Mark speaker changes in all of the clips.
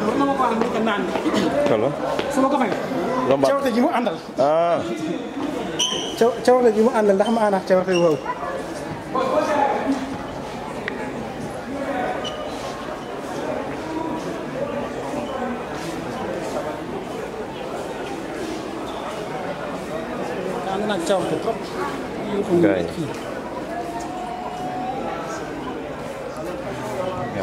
Speaker 1: naan war na ma ko wax ne ko naan. kala. su ma ko fay.
Speaker 2: lomba cawarte ji mu àndal.
Speaker 1: ah. caw cawarte ji mu àndal ndax ma ànd ak cawarte woowu. 안 나죠. 그러니까.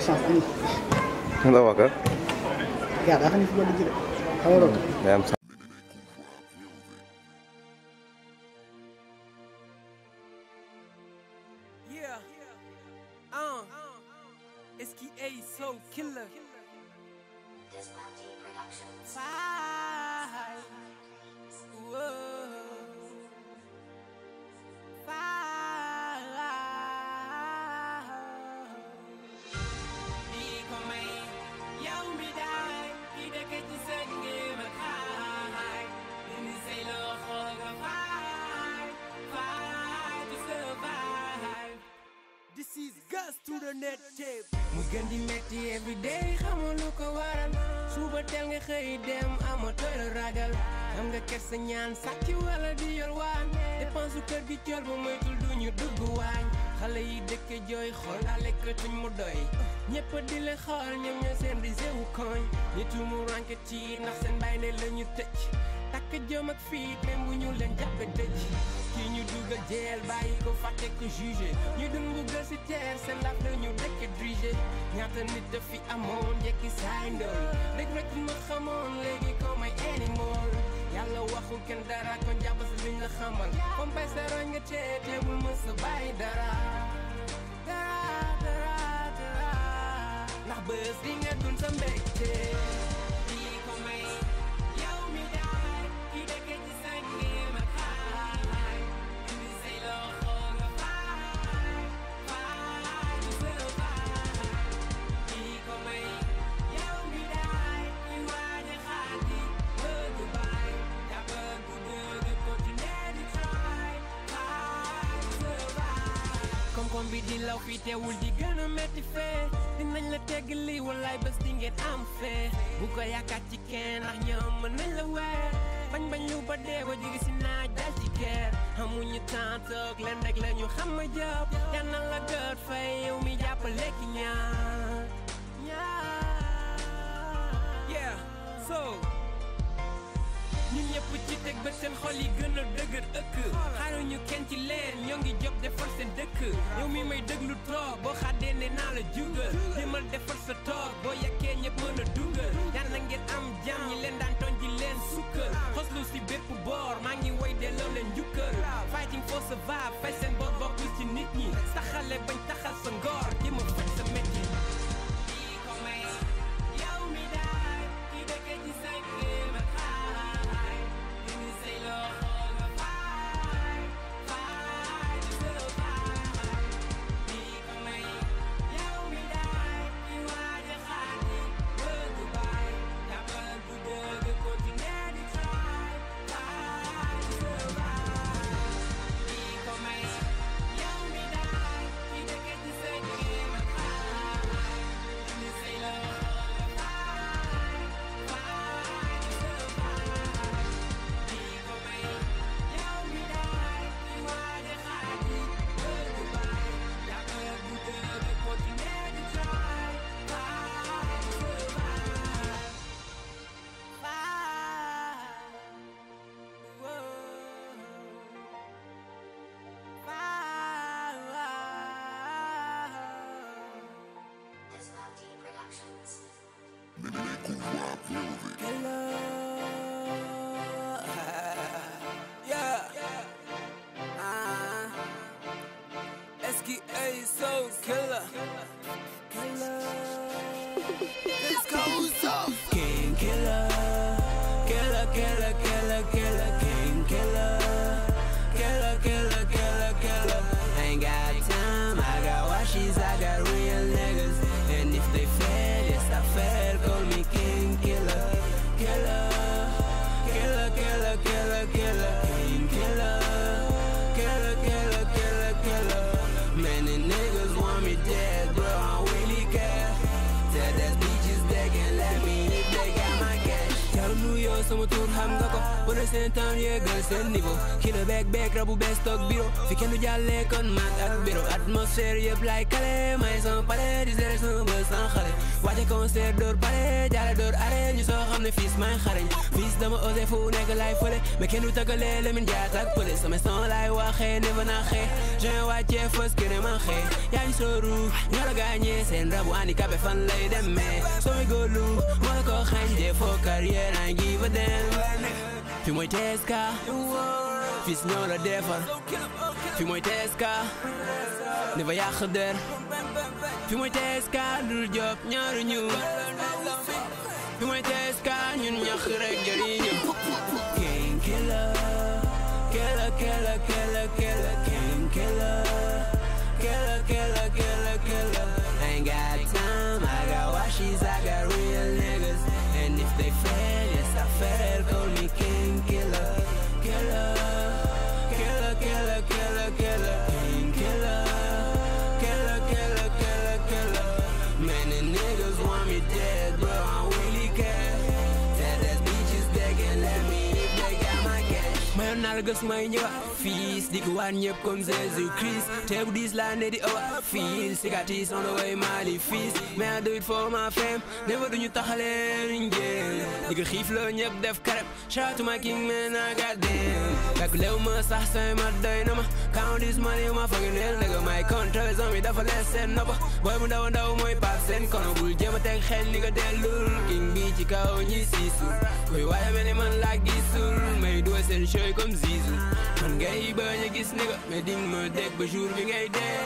Speaker 1: chance amuñu. nga wax ak. gars daa xam ne football di jëlee. xamaloo ko. day am It's Ace, so killer. Dispatchy Productions. is gas to mu gën di metti every day ko waral suba teel nga xëy dem amatoo la ragal xam nga kersa ñaan sàcc wala di yor waan dépense kër gi col ba moytul du dugg waañ xale yi dëkk jooy xool alekatuñ mu doy ñëpp di la xool ñoom ñoo seen risée koñ ñi tuumu rànket ci ndax seen bàyyi ne la tëj. takk jëm ak fii même bu ñu leen jàpp tëj ki ñu dugal jeel bàyyi ko fàtte ko jugé ñu dund mbugal si teer seen laaf ñu dekk dirigé ñaata nit daf fi amoon njekki saay ndool dëgg rek ma xamoon léegi ko may animal yàlla waxul kenn dara kon jàpp si liñ la xamal pompay sa roñ nga tee teewul ma sa bàyyi dara dara dara dara ndax bés di nga sa mbégte bi di law fii teewul di gën a métti fee dinañ la tegg lii walaay bés di ngeen am fee bu ko yaakaar ci kenn ndax ñoom mën nañ la weer bañ lu ba dee ba jóge si naaj daal ci kër amuñu temps toog leen rek la ñu xam ma jàpp yal na la gët fay yow mi jàppale ki ñaar ñaar yeah so ñu ñëpp ci teg ba seen xol yi gën a dëgër ëkk xaaruñu kenn ci leen ñoo ngi jóg defar seen dëkk yow mi may déglu toog boo xaddee ne naa la jugal demal defar sa toog boo yàkkee ñëpp mën a dugal yal na ngeen am jàmm ñi leen daan tooñ di leen sukkal xoslu si bépp boor maa ngi woy delloo leen njukk Some tur hem go. Representan yëgal seen niveau kilo beeg beeg rabu bees toog bureau fi kenn du jàllee kon mat ak bureau atmosphère yëpp lay kale may sama pare di seere sama bës sans xale waate concert door pare jaare door are ñu soo xam ne fils may xarañ fils dama osé fu nekk lay fële mais kenn takale, tëggalee Lamine Diatta ak pële sama son lay waxee ne fa naa xee juin wàccee fës kene ma xee yaa ngi sooru ñoo la gaañee seen rabu handicapé fan lay demee So mi góorlu moo la ko xañ des faux carrière I give a damn Fimwetezeka, vis nyora dever. Fimwetezeka, never yachter. Fimwetezeka, dul job nyaru nyu. Fimwetezeka, nyun nyakhrek jariñu. King killer, killer, killer, killer, killer, king killer. Killer, killer, killer, killer. ain't got time, I got what she's naa la gës may ñëw fiis di ko waan ñëpp comme Jésus Christ land diis laa ne di aw fiis cicatrice on the way my mali I do it for my fam, never do you taxalee a jéem di ko xiif loo ñëpp def Shout to my king man mais naa gàddeem kàkk lew ma sax say ma doy na ma count this money fucking My ma foog neel nag may contrôle mi dafa lees seen noppa booy mu ndaw ndaw mooy paap seen kono bul jéem a teg hell nigga, nga dellul king bi ci kaw ñi siisul koy waaye mel ni man laa gisul may du mooy seen show comme Zizou man ngay bañ a gis ne nga mais di ma dégg ba jour bi ngay dee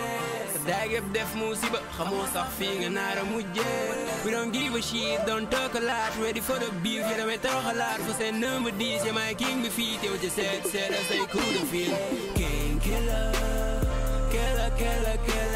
Speaker 1: sa daageb def musiba xamoo sax fii nga naara mujjee we don't give a shit don't talk a lot ready for the beef yéen a may toroxalaat fa seen number je yamaay king bi fii teew ci seet seet ak say coup de fil king killer killer killer killer